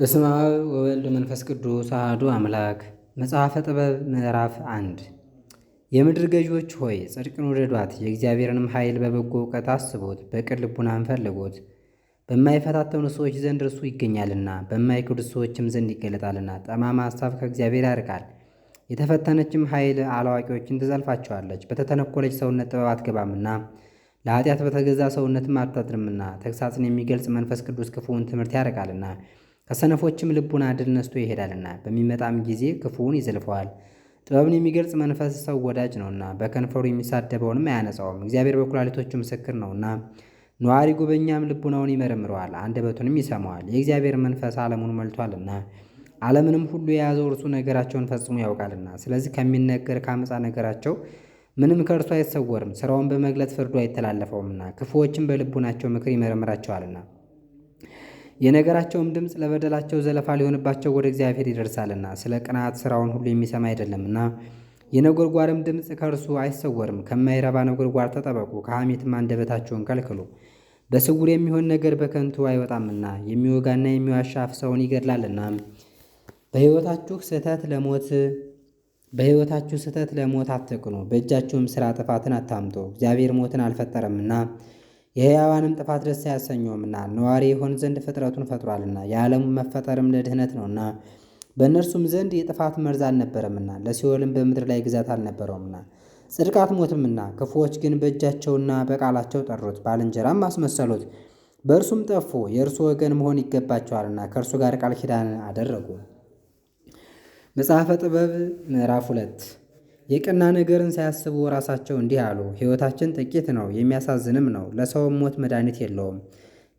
በስመ አብ ወወልድ መንፈስ ቅዱስ አሐዱ አምላክ። መጽሐፈ ጥበብ ምዕራፍ አንድ የምድር ገዢዎች ሆይ ጽድቅን ውደዷት፣ የእግዚአብሔርንም ኃይል በበጎ እውቀት አስቡት፣ በቅን ልቡናን ፈልጉት። በማይፈታተኑ ሰዎች ዘንድ እርሱ ይገኛልና፣ በማይክዱ ሰዎችም ዘንድ ይገለጣልና። ጠማማ ሐሳብ ከእግዚአብሔር ያርቃል፣ የተፈተነችም ኃይል አላዋቂዎችን ትዘልፋቸዋለች። በተተነኮለች ሰውነት ጥበብ አትገባምና ለኃጢአት በተገዛ ሰውነትም አታድርምና። ተግሳጽን የሚገልጽ መንፈስ ቅዱስ ክፉውን ትምህርት ያርቃልና ከሰነፎችም ልቡን አድል ነስቶ ይሄዳልና በሚመጣም ጊዜ ክፉውን ይዘልፈዋል። ጥበብን የሚገልጽ መንፈስ ሰው ወዳጅ ነውና በከንፈሩ የሚሳደበውንም አያነጻውም። እግዚአብሔር በኩላሊቶቹ ምስክር ነውና ነዋሪ ጉበኛም ልቡናውን ይመረምረዋል፣ አንደበቱንም ይሰማዋል። የእግዚአብሔር መንፈስ ዓለሙን መልቷልና ዓለምንም ሁሉ የያዘው እርሱ ነገራቸውን ፈጽሞ ያውቃልና። ስለዚህ ከሚነገር ከአመፃ ነገራቸው ምንም ከእርሱ አይሰወርም፣ ሥራውን በመግለጽ ፍርዱ አይተላለፈውምና ክፉዎችም በልቡናቸው ምክር ይመረምራቸዋልና። የነገራቸውም ድምፅ ለበደላቸው ዘለፋ ሊሆንባቸው ወደ እግዚአብሔር ይደርሳልና ስለ ቅናት ሥራውን ሁሉ የሚሰማ አይደለምና። የነጎድጓርም ድምፅ ከእርሱ አይሰወርም። ከማይረባ ነጎድጓር ተጠበቁ፣ ከሐሜትም አንደበታቸውን ከልክሉ። በስውር የሚሆን ነገር በከንቱ አይወጣምና የሚወጋና የሚዋሻ አፍ ሰውን ይገድላልና። በሕይወታችሁ ስህተት ለሞት በሕይወታችሁ ስህተት ለሞት አትቅኑ፣ በእጃችሁም ሥራ ጥፋትን አታምጡ። እግዚአብሔር ሞትን አልፈጠረምና የሕያዋንም ጥፋት ደስ አያሰኘውምና ነዋሪ የሆን ዘንድ ፍጥረቱን ፈጥሯልና የዓለሙ መፈጠርም ለድህነት ነውና በእነርሱም ዘንድ የጥፋት መርዝ አልነበረምና ለሲኦልም በምድር ላይ ግዛት አልነበረውምና ጽድቅ አትሞትምና ክፉዎች ግን በእጃቸውና በቃላቸው ጠሩት፣ ባልንጀራም አስመሰሉት፣ በእርሱም ጠፉ። የእርሱ ወገን መሆን ይገባቸዋልና ከእርሱ ጋር ቃል ኪዳን አደረጉ። መጽሐፈ ጥበብ ምዕራፍ ሁለት የቀና ነገርን ሳያስቡ ራሳቸው እንዲህ አሉ፣ ሕይወታችን ጥቂት ነው፣ የሚያሳዝንም ነው። ለሰውም ሞት መድኃኒት የለውም፣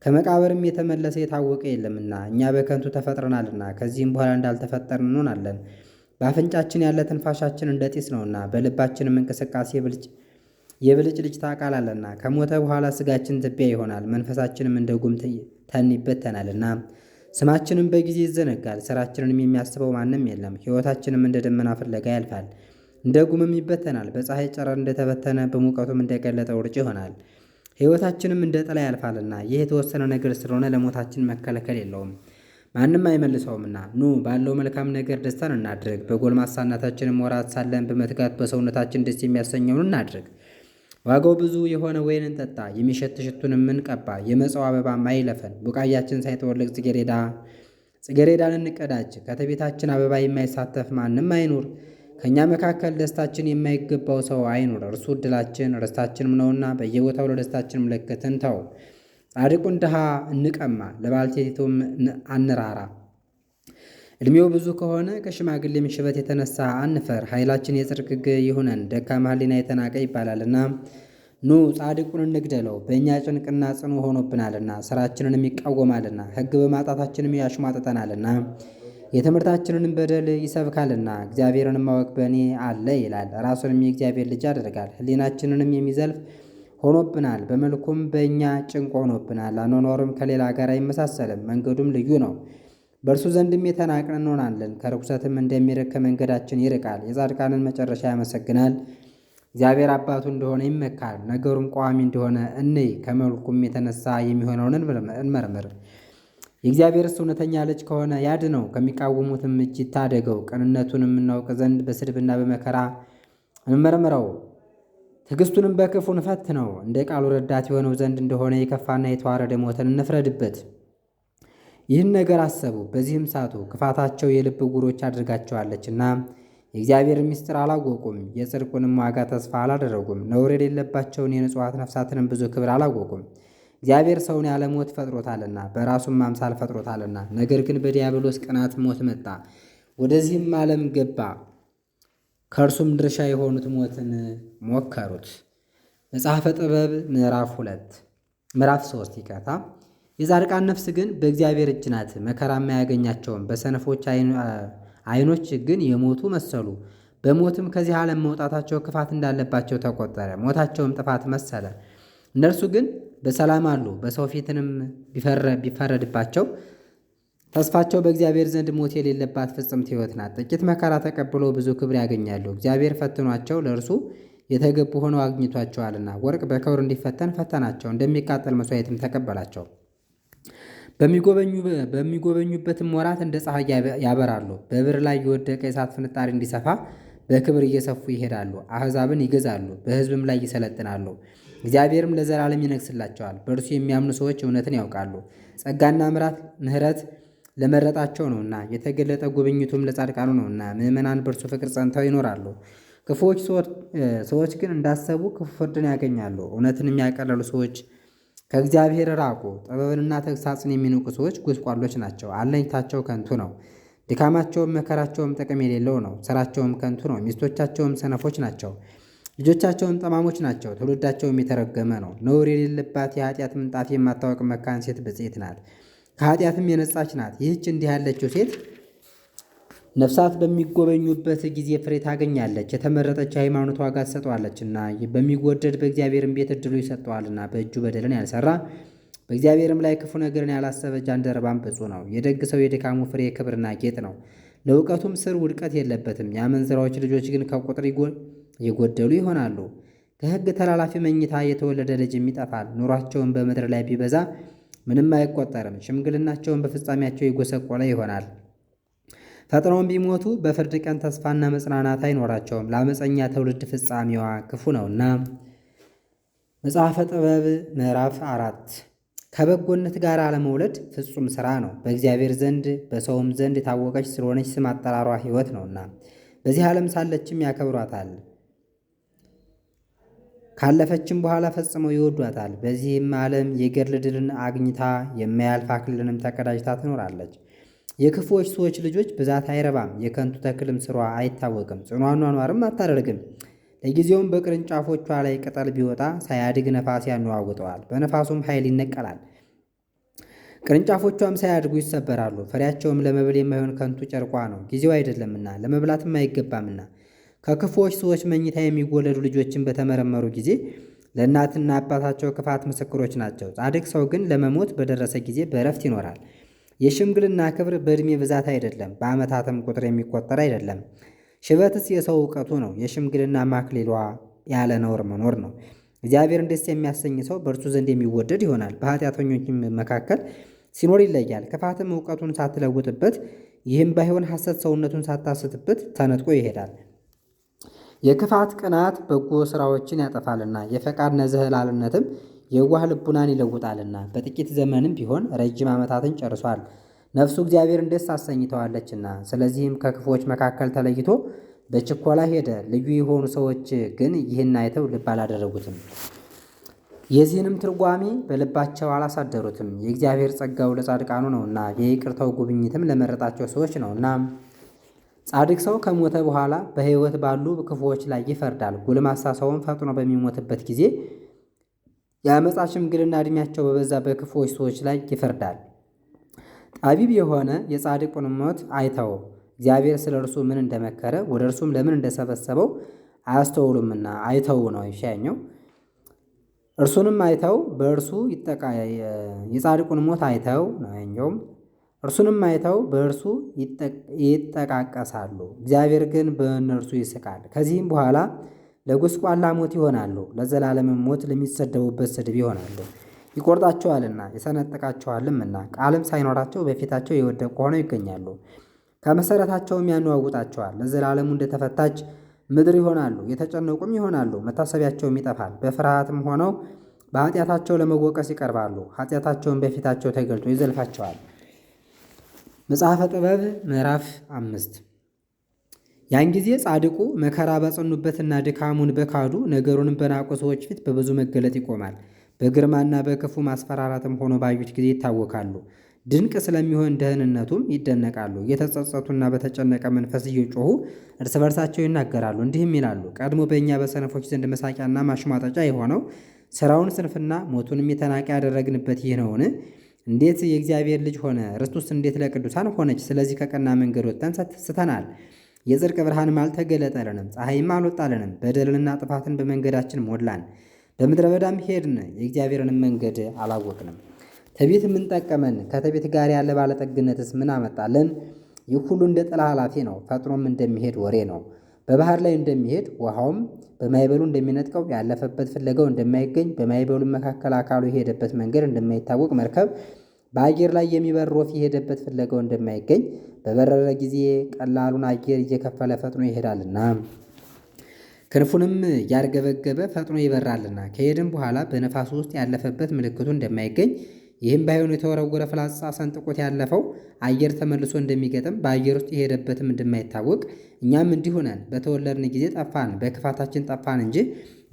ከመቃብርም የተመለሰ የታወቀ የለምና እኛ በከንቱ ተፈጥረናልና ከዚህም በኋላ እንዳልተፈጠርን እንሆናለን። በአፍንጫችን ያለ ትንፋሻችን እንደ ጢስ ነውና በልባችንም እንቅስቃሴ የብልጭ ልጭታ ቃል አለና ከሞተ በኋላ ስጋችን ትቢያ ይሆናል፣ መንፈሳችንም እንደ ጉም ተን ይበተናልና ስማችንም በጊዜ ይዘነጋል፣ ስራችንንም የሚያስበው ማንም የለም። ሕይወታችንም እንደ ደመና ፍለጋ ያልፋል። እንደ ጉምም ይበተናል። በፀሐይ ጨረር እንደተበተነ በሙቀቱም እንደገለጠ ውርጭ ይሆናል። ሕይወታችንም እንደ ጥላ ያልፋልና ይህ የተወሰነ ነገር ስለሆነ ለሞታችን መከለከል የለውም ማንም አይመልሰውምና። ኑ ባለው መልካም ነገር ደስታን እናድርግ። በጎልማሳነታችንም ወራት ሳለን በመትጋት በሰውነታችን ደስ የሚያሰኘውን እናድርግ። ዋጋው ብዙ የሆነ ወይን እንጠጣ፣ የሚሸት ሽቱንም እንቀባ፣ የመጸው አበባ አይለፈን። ቡቃያችን ሳይተወልቅ ጽጌሬዳ ጽጌሬዳን እንቀዳጅ፣ ከተቤታችን አበባ የማይሳተፍ ማንም አይኑር። ከእኛ መካከል ደስታችን የማይገባው ሰው አይኑር። እርሱ እድላችን ርስታችንም ነውና በየቦታው ለደስታችን ምልክትን ተው። ጻድቁን ድሃ እንቀማ፣ ለባልቴቱም አንራራ። እድሜው ብዙ ከሆነ ከሽማግሌም ሽበት የተነሳ አንፈር። ኃይላችን የጽድቅ ሕግ ይሁነን፣ ደካማ ሕሊና የተናቀ ይባላልና። ኑ ጻድቁን እንግደለው፣ በእኛ ጭንቅና ጽኑ ሆኖብናልና፣ ስራችንንም ይቃወማልና፣ ሕግ በማጣታችንም ያሽሟጥጠናልና። የትምህርታችንንም በደል ይሰብካልና እግዚአብሔርን ማወቅ በእኔ አለ ይላል። ራሱንም የእግዚአብሔር ልጅ ያደርጋል። ህሊናችንንም የሚዘልፍ ሆኖብናል። በመልኩም በእኛ ጭንቅ ሆኖብናል። አኗኗሩም ከሌላ ጋር አይመሳሰልም። መንገዱም ልዩ ነው። በእርሱ ዘንድም የተናቅን እንሆናለን። ከርኩሰትም እንደሚርቅ ከመንገዳችን ይርቃል። የጻድቃንን መጨረሻ ያመሰግናል። እግዚአብሔር አባቱ እንደሆነ ይመካል። ነገሩም ቋሚ እንደሆነ እንይ። ከመልኩም የተነሳ የሚሆነውን እንመርምር። የእግዚአብሔርስ እውነተኛ ልጅ ከሆነ ያድነው፣ ከሚቃወሙትም እጅ ይታደገው። ቅንነቱን የምናውቅ ዘንድ በስድብና በመከራ እንመርምረው፣ ትዕግስቱንም በክፉ እንፈትነው። እንደ ቃሉ ረዳት የሆነው ዘንድ እንደሆነ የከፋና የተዋረደ ሞትን እንፍረድበት። ይህን ነገር አሰቡ፣ በዚህም ሳቱ። ክፋታቸው የልብ ዕውሮች አድርጋቸዋለችና የእግዚአብሔር ምስጢር አላወቁም። የጽድቁንም ዋጋ ተስፋ አላደረጉም። ነውር የሌለባቸውን የንጹሐት ነፍሳትንም ብዙ ክብር አላወቁም። እግዚአብሔር ሰውን ያለ ሞት ፈጥሮታልና በራሱም አምሳል ፈጥሮታልና። ነገር ግን በዲያብሎስ ቅናት ሞት መጣ፣ ወደዚህም ዓለም ገባ። ከእርሱም ድርሻ የሆኑት ሞትን ሞከሩት። መጽሐፈ ጥበብ ምዕራፍ ሁለት ምዕራፍ ሶስት ይቀታ የጻድቃን ነፍስ ግን በእግዚአብሔር እጅ ናት፣ መከራም አያገኛቸውም። በሰነፎች አይኖች ግን የሞቱ መሰሉ። በሞትም ከዚህ ዓለም መውጣታቸው ክፋት እንዳለባቸው ተቆጠረ፣ ሞታቸውም ጥፋት መሰለ። እነርሱ ግን በሰላም አሉ። በሰው ፊትንም ቢፈረድባቸው ተስፋቸው በእግዚአብሔር ዘንድ ሞት የሌለባት ፍጽምት ሕይወት ናት። ጥቂት መከራ ተቀብሎ ብዙ ክብር ያገኛሉ። እግዚአብሔር ፈትኗቸው ለእርሱ የተገቡ ሆነው አግኝቷቸዋልና። ወርቅ በክብር እንዲፈተን ፈተናቸው፣ እንደሚቃጠል መስዋየትም ተቀበላቸው። በሚጎበኙበትም ወራት እንደ ፀሐይ ያበራሉ። በብር ላይ የወደቀ የእሳት ፍንጣሪ እንዲሰፋ በክብር እየሰፉ ይሄዳሉ። አሕዛብን ይገዛሉ፣ በሕዝብም ላይ ይሰለጥናሉ። እግዚአብሔርም ለዘላለም ይነግስላቸዋል። በእርሱ የሚያምኑ ሰዎች እውነትን ያውቃሉ። ጸጋና ምራት ምህረት ለመረጣቸው ነውና የተገለጠ ጉብኝቱም ለጻድቃኑ ነውና ምእመናን በእርሱ ፍቅር ጸንተው ይኖራሉ። ክፉዎች ሰዎች ግን እንዳሰቡ ክፉ ፍርድን ያገኛሉ። እውነትን የሚያቀለሉ ሰዎች ከእግዚአብሔር ራቁ። ጥበብንና ተግሳጽን የሚንቁ ሰዎች ጉስቋሎች ናቸው። አለኝታቸው ከንቱ ነው። ድካማቸውም መከራቸውም ጥቅም የሌለው ነው። ስራቸውም ከንቱ ነው። ሚስቶቻቸውም ሰነፎች ናቸው። ልጆቻቸውም ጠማሞች ናቸው፣ ትውልዳቸውም የተረገመ ነው። ነውር የሌለባት የኃጢአት ምንጣፍ የማታወቅ መካን ሴት ብፅዕት ናት፣ ከኃጢአትም የነጻች ናት። ይህች እንዲህ ያለችው ሴት ነፍሳት በሚጎበኙበት ጊዜ ፍሬ ታገኛለች። የተመረጠች ሃይማኖት ዋጋ እና በሚወደድ በእግዚአብሔርም ቤት እድሉ ይሰጠዋልና። በእጁ በደልን ያልሰራ በእግዚአብሔርም ላይ ክፉ ነገርን ያላሰበ ጃንደረባም ብፁ ነው። የደግ ሰው የድካሙ ፍሬ ክብርና ጌጥ ነው። ለእውቀቱም ስር ውድቀት የለበትም። የአመንዝራዎች ልጆች ግን ከቁጥር የጎደሉ ይሆናሉ። ከሕግ ተላላፊ መኝታ የተወለደ ልጅም ይጠፋል። ኑሯቸውን በምድር ላይ ቢበዛ ምንም አይቆጠርም። ሽምግልናቸውን በፍጻሜያቸው የጎሰቆለ ይሆናል። ፈጥነውም ቢሞቱ በፍርድ ቀን ተስፋና መጽናናት አይኖራቸውም። ለአመፀኛ ትውልድ ፍጻሜዋ ክፉ ነውና። መጽሐፈ ጥበብ ምዕራፍ አራት ከበጎነት ጋር አለመውለድ ፍጹም ሥራ ነው። በእግዚአብሔር ዘንድ በሰውም ዘንድ የታወቀች ስለሆነች ስም አጠራሯ ሕይወት ነውና በዚህ ዓለም ሳለችም ያከብሯታል። ካለፈችም በኋላ ፈጽመው ይወዷታል። በዚህም ዓለም የገድል ድልን አግኝታ የማያልፍ አክሊልንም ተቀዳጅታ ትኖራለች። የክፉዎች ሰዎች ልጆች ብዛት አይረባም፣ የከንቱ ተክልም ስሯ አይታወቅም፣ ጽኑ አኗኗርም አታደርግም። ለጊዜውም በቅርንጫፎቿ ላይ ቅጠል ቢወጣ ሳያድግ ነፋስ ያነዋውጠዋል፣ በነፋሱም ኃይል ይነቀላል። ቅርንጫፎቿም ሳያድጉ ይሰበራሉ። ፍሬያቸውም ለመብል የማይሆን ከንቱ ጨርቋ ነው፣ ጊዜው አይደለምና ለመብላትም አይገባምና ከክፉዎች ሰዎች መኝታ የሚወለዱ ልጆችን በተመረመሩ ጊዜ ለእናትና አባታቸው ክፋት ምስክሮች ናቸው። ጻድቅ ሰው ግን ለመሞት በደረሰ ጊዜ በረፍት ይኖራል። የሽምግልና ክብር በእድሜ ብዛት አይደለም፣ በዓመታትም ቁጥር የሚቆጠር አይደለም። ሽበትስ የሰው እውቀቱ ነው። የሽምግልና ማክሊሏ ያለ ነውር መኖር ነው። እግዚአብሔርን ደስ የሚያሰኝ ሰው በእርሱ ዘንድ የሚወደድ ይሆናል። በኃጢአተኞችም መካከል ሲኖር ይለያል። ክፋትም እውቀቱን ሳትለውጥበት፣ ይህም ባይሆን ሐሰት ሰውነቱን ሳታስትበት ተነጥቆ ይሄዳል። የክፋት ቅናት በጎ ስራዎችን ያጠፋልና የፈቃድ ነዝህላልነትም የዋህ ልቡናን ይለውጣልና በጥቂት ዘመንም ቢሆን ረጅም ዓመታትን ጨርሷል። ነፍሱ እግዚአብሔርን ደስ አሰኝተዋለችና፣ ስለዚህም ከክፎች መካከል ተለይቶ በችኮላ ሄደ። ልዩ የሆኑ ሰዎች ግን ይህን አይተው ልብ አላደረጉትም፣ የዚህንም ትርጓሜ በልባቸው አላሳደሩትም። የእግዚአብሔር ጸጋው ለጻድቃኑ ነውና፣ የይቅርታው ጉብኝትም ለመረጣቸው ሰዎች ነውና ጻድቅ ሰው ከሞተ በኋላ በሕይወት ባሉ ክፉዎች ላይ ይፈርዳል። ጎልማሳ ሰውን ፈጥኖ በሚሞትበት ጊዜ የአመፃ ሽምግልና ዕድሜያቸው በበዛ በክፉዎች ሰዎች ላይ ይፈርዳል። ጠቢብ የሆነ የጻድቁን ሞት አይተው እግዚአብሔር ስለ እርሱ ምን እንደመከረ ወደ እርሱም ለምን እንደሰበሰበው አያስተውሉምና አይተው ነው ይሻኘው እርሱንም አይተው በእርሱ የጻድቁን ሞት አይተው ነው ያኛውም እርሱንም አይተው በእርሱ ይጠቃቀሳሉ፣ እግዚአብሔር ግን በእነርሱ ይስቃል። ከዚህም በኋላ ለጉስቋላ ሞት ይሆናሉ፣ ለዘላለምም ሞት ለሚሰደቡበት ስድብ ይሆናሉ። ይቆርጣቸዋልና ይሰነጥቃቸዋልምና ቃልም ሳይኖራቸው በፊታቸው የወደቁ ሆነው ይገኛሉ። ከመሰረታቸውም ያነዋውጣቸዋል። ለዘላለሙ እንደተፈታች ምድር ይሆናሉ፣ የተጨነቁም ይሆናሉ። መታሰቢያቸውም ይጠፋል። በፍርሃትም ሆነው በኃጢአታቸው ለመወቀስ ይቀርባሉ። ኃጢአታቸውን በፊታቸው ተገልጦ ይዘልፋቸዋል። መጽሐፈ ጥበብ ምዕራፍ አምስት ያን ጊዜ ጻድቁ መከራ በጸኑበትና ድካሙን በካዱ ነገሩንም በናቁ ሰዎች ፊት በብዙ መገለጥ ይቆማል። በግርማና በክፉ ማስፈራራትም ሆኖ ባዩት ጊዜ ይታወካሉ። ድንቅ ስለሚሆን ደህንነቱም ይደነቃሉ። እየተጸጸቱና በተጨነቀ መንፈስ እየጮሁ እርስ በርሳቸው ይናገራሉ፣ እንዲህም ይላሉ። ቀድሞ በእኛ በሰነፎች ዘንድ መሳቂያና ማሽሟጠጫ የሆነው ሥራውን ስንፍና ሞቱንም የተናቀ ያደረግንበት ይህ ነውን? እንዴት የእግዚአብሔር ልጅ ሆነ? ርስቱስ እንዴት ለቅዱሳን ሆነች? ስለዚህ ከቀና መንገድ ወጥተን ስተናል። የጽድቅ ብርሃንም አልተገለጠልንም፣ ፀሐይም አልወጣልንም። በደልንና ጥፋትን በመንገዳችን ሞላን፣ በምድረ በዳም ሄድን፣ የእግዚአብሔርንም መንገድ አላወቅንም። ትዕቢት ምን ጠቀመን? ከትዕቢት ጋር ያለ ባለጠግነትስ ምን አመጣለን? ይህ ሁሉ እንደ ጥላ ኃላፊ ነው፣ ፈጥኖም እንደሚሄድ ወሬ ነው። በባህር ላይ እንደሚሄድ ውሃውም በማይበሉ እንደሚነጥቀው ያለፈበት ፍለጋው እንደማይገኝ በማይበሉ መካከል አካሉ የሄደበት መንገድ እንደማይታወቅ መርከብ በአየር ላይ የሚበር ወፍ የሄደበት ፍለጋው እንደማይገኝ በበረረ ጊዜ ቀላሉን አየር እየከፈለ ፈጥኖ ይሄዳልና ክንፉንም ያርገበገበ ፈጥኖ ይበራልና ከሄደም በኋላ በነፋሱ ውስጥ ያለፈበት ምልክቱ እንደማይገኝ ይህም ባይሆኑ የተወረወረ ፍላጻ ሰንጥቆት ያለፈው አየር ተመልሶ እንደሚገጥም በአየር ውስጥ የሄደበትም እንደማይታወቅ እኛም እንዲሆነን በተወለድን ጊዜ ጠፋን፣ በክፋታችን ጠፋን እንጂ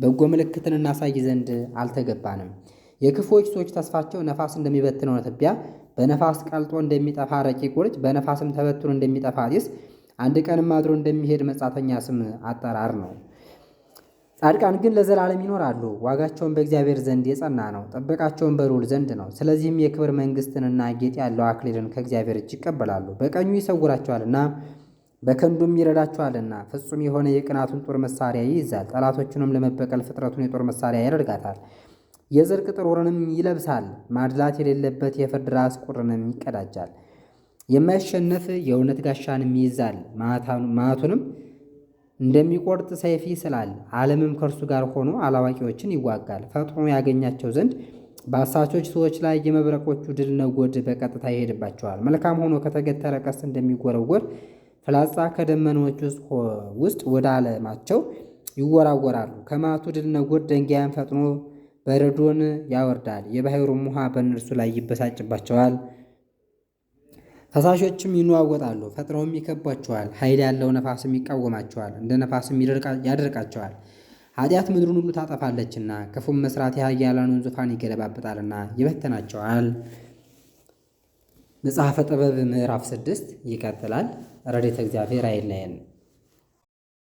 በጎ ምልክትን እናሳይ ዘንድ አልተገባንም። የክፉዎች ሰዎች ተስፋቸው ነፋስ እንደሚበትነው ነትቢያ፣ በነፋስ ቀልጦ እንደሚጠፋ ረቂቅ ውርጭ፣ በነፋስም ተበትኖ እንደሚጠፋ ጢስ፣ አንድ ቀንም አድሮ እንደሚሄድ መጻተኛ ስም አጠራር ነው። ጻድቃን ግን ለዘላለም ይኖራሉ። ዋጋቸውን በእግዚአብሔር ዘንድ የጸና ነው፣ ጥበቃቸውን በልዑል ዘንድ ነው። ስለዚህም የክብር መንግስትንና ጌጥ ያለው አክሊልን ከእግዚአብሔር እጅ ይቀበላሉ። በቀኙ ይሰውራቸዋልና በከንዱም ይረዳቸዋልና። ፍጹም የሆነ የቅናቱን ጦር መሳሪያ ይይዛል፣ ጠላቶቹንም ለመበቀል ፍጥረቱን የጦር መሳሪያ ያደርጋታል። የጽድቅ ጥሩርንም ይለብሳል፣ ማድላት የሌለበት የፍርድ ራስ ቁርንም ይቀዳጃል። የማይሸነፍ የእውነት ጋሻንም ይይዛል፣ ማዕቱንም እንደሚቆርጥ ሰይፍ ይስላል። ዓለምም ከእርሱ ጋር ሆኖ አላዋቂዎችን ይዋጋል። ፈጥኖ ያገኛቸው ዘንድ በአሳቾች ሰዎች ላይ የመብረቆቹ ድል ነጎድ በቀጥታ ይሄድባቸዋል። መልካም ሆኖ ከተገተረ ቀስት እንደሚጎረጎር ፍላጻ ከደመናዎች ውስጥ ወደ ዓለማቸው ይወራወራሉ። ከማቱ ድል ነጎድ ደንጊያን ፈጥኖ በረዶን ያወርዳል። የባሕሩም ውሃ በእነርሱ ላይ ይበሳጭባቸዋል። ፈሳሾችም ይነዋወጣሉ ፈጥረውም ይከቧቸዋል። ኃይል ያለው ነፋስም ይቃወማቸዋል፣ እንደ ነፋስም ያደርቃቸዋል። ኃጢአት ምድሩን ሁሉ ታጠፋለችና ክፉም መስራት የኃያላኑን ዙፋን ይገለባብጣልና ይበተናቸዋል። መጽሐፈ ጥበብ ምዕራፍ ስድስት ይቀጥላል። ረድኤተ እግዚአብሔር አይለየን።